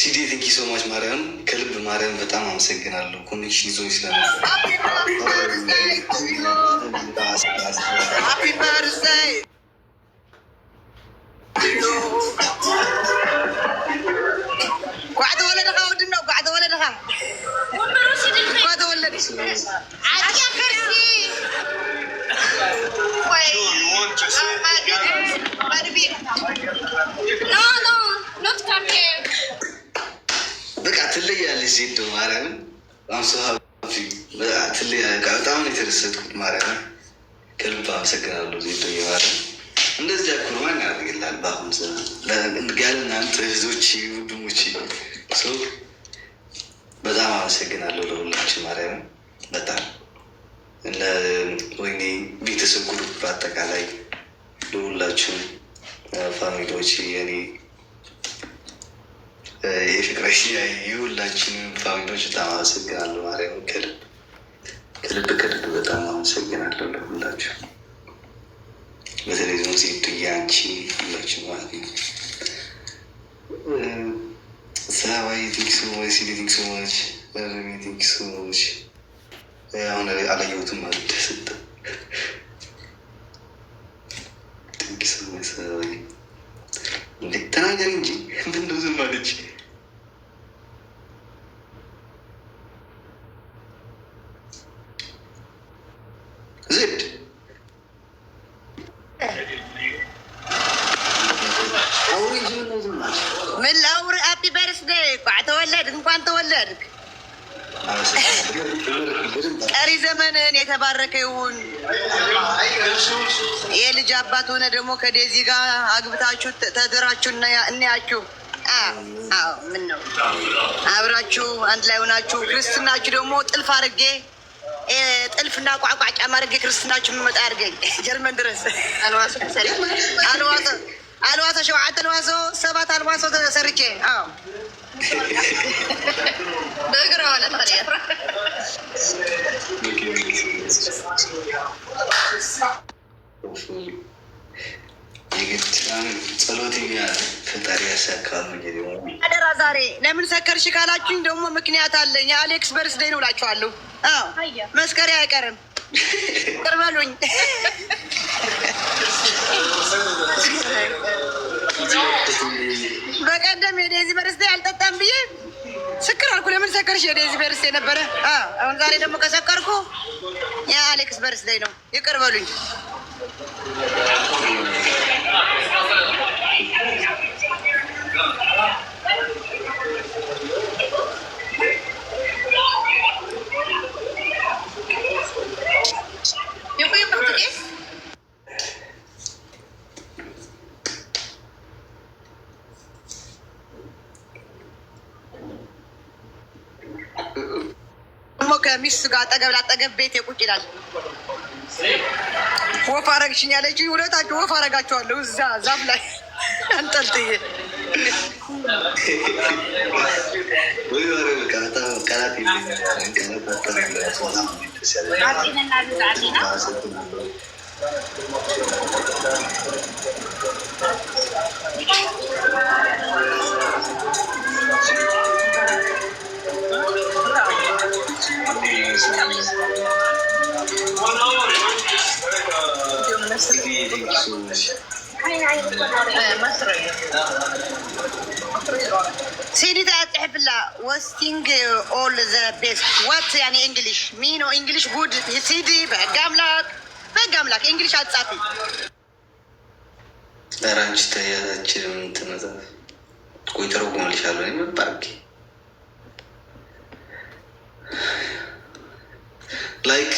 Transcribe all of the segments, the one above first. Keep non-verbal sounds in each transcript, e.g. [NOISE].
ሲዲ ቴንኪ ሶማች ማርያም ከልብ ማርያም በጣም አመሰግናለሁ። ኮኔክሽን ይዞ ስለነበር ጓዕተ ወለድኻ ወድኖ ጓዕተ ወለድኻ ጓዕተ ወለድ ሴት ማርያምን በጣም ነው የተደሰትኩት። ማርያምን ከልብ አመሰግናለሁ። ዜዶ የማርያም እንደዚህ ማን ያደርግላል። በአሁን ዘመን ጋል እናንተ እህዞች፣ ወንድሞች በጣም አመሰግናለሁ ለሁላችን ማርያምን በጣም ወይኔ ቤተሰብ ጉሩ በአጠቃላይ ለሁላችሁም ፋሚሊዎች የኔ የፍቅረ የሁላችንም ፋሚሊዎች በጣም አመሰግናለሁ። ማርያም ከልብ ከልብ ከልብ በጣም አመሰግናለሁ ለሁላችሁ፣ በተለይ ዞን ሴቱ አንቺ ሁላችሁ ማለት ነው። ሰባይ ቲንክ ሶ ማች ቲንክ ሶ ማች ረሚ ቲንክ ሶ ማች። አሁን አላየሁትም ማለት ሰጠ ቲንክ ሶ ማች ሰላማዊ እንዴት ተናገር እንጂ ቀሪ ዘመንን የተባረከ ይሁን። የልጅ አባት ሆነ ደግሞ ከዴዚ ጋር አግብታችሁ ተድራችሁ እናያችሁ። ምን ነው አብራችሁ አንድ ላይ ሆናችሁ ክርስትናችሁ ደግሞ ጥልፍ አድርጌ ጥልፍና ቋቋ ጫማ አድርጌ ክርስትናችሁ የምመጣ አድርገኝ ጀርመን ድረስ አልዋሶ አልዋሶ ሸውዓተ አልዋሶ ሰባት አልዋሶ ተሰርቼ በእግሯ አደራ ዛሬ ለምን ሰከርሽ ካላችሁኝ ደግሞ ምክንያት አለኝ። የአሌክስ በርስደይ ነው እላችኋለሁ። መስከሬ አይቀርም። ቅር [LAUGHS] በቀደም የኔ የሰከርሽ የዴዚ በርስ የነበረ አሁን ዛሬ ደግሞ ከሰከርኩ የአሌክስ በርስ ላይ ነው። ይቅር በሉኝ። ከሚስቱ ጋር አጠገብ ላጠገብ ቤት የቁጭ ይላል። ወፍ አረግሽኝ ያለች ሁለታችሁ ወፍ አረጋችኋለሁ እዛ ዛፍ ላይ አንጠልጥዬ ሲኒታ ጽሕፍላ ወስቲንግ ኦል ዘ ቤስት ዋት ያኔ እንግሊሽ ሚኖ እንግሊሽ ጉድ ሲዲ በሕግ አምላክ በሕግ አምላክ እንግሊሽ አጻፊ ራንች ተያዛች ምትመጻፍ ቆይተረጉምልሻለሁ ባርጌ ላይክ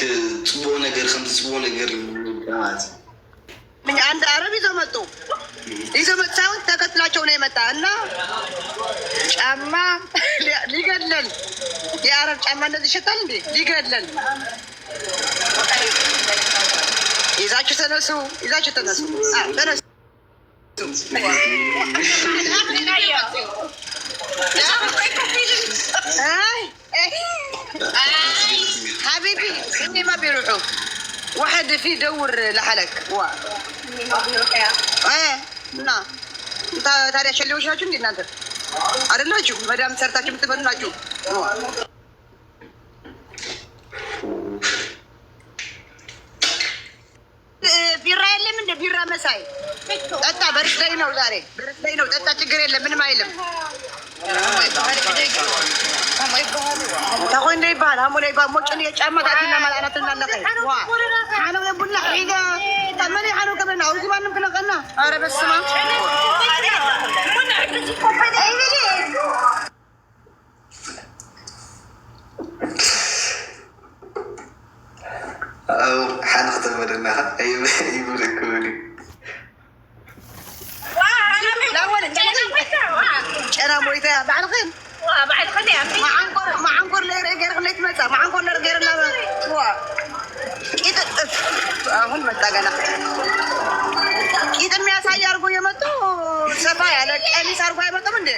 ጽቦ ነገር ከምዚ ጽቦ ነገር አንድ አረብ ይዘው መጡ። ይዘው መጡ ሳይሆን ተከትላቸው ነው የመጣ እና ጫማ ሊገድለን፣ የአረብ ጫማ እንደዚህ ይሸጣል እንዴ? ሊገድለን። ይዛችሁ ተነሱ፣ ይዛችሁ ተነሱ፣ ተነሱ حبيبي اني ما بيروحوك واحد في دور لحالك وا ايه እና ታዲያ ሸሌዎች ናችሁ እንዴ እናንተ አይደላችሁ መዳም ሰርታችሁ የምትበሉ ናችሁ ቢራ የለም እንደ ቢራ መሳይ ጠጣ በርስ ላይ ነው ዛሬ በርስ ላይ ነው ጠጣ ችግር የለም ምንም አይልም تكون ريبان هم ريبان مو تشني يجمع تاتي نما لأنا تنانا كي حانو يبون حيدا تمني حانو كمان أوز ما نمكن أنا أرى بس ما أو حنختم بدنا أي يبركوني لا ولا لا ولا لا ولا لا አሁን መጣ ገና ቂጥ የሚያሳይ አድርጎ የመጡ ሰፋ ያለ ቀሚስ አድርጎ አይመጡም እንዴ?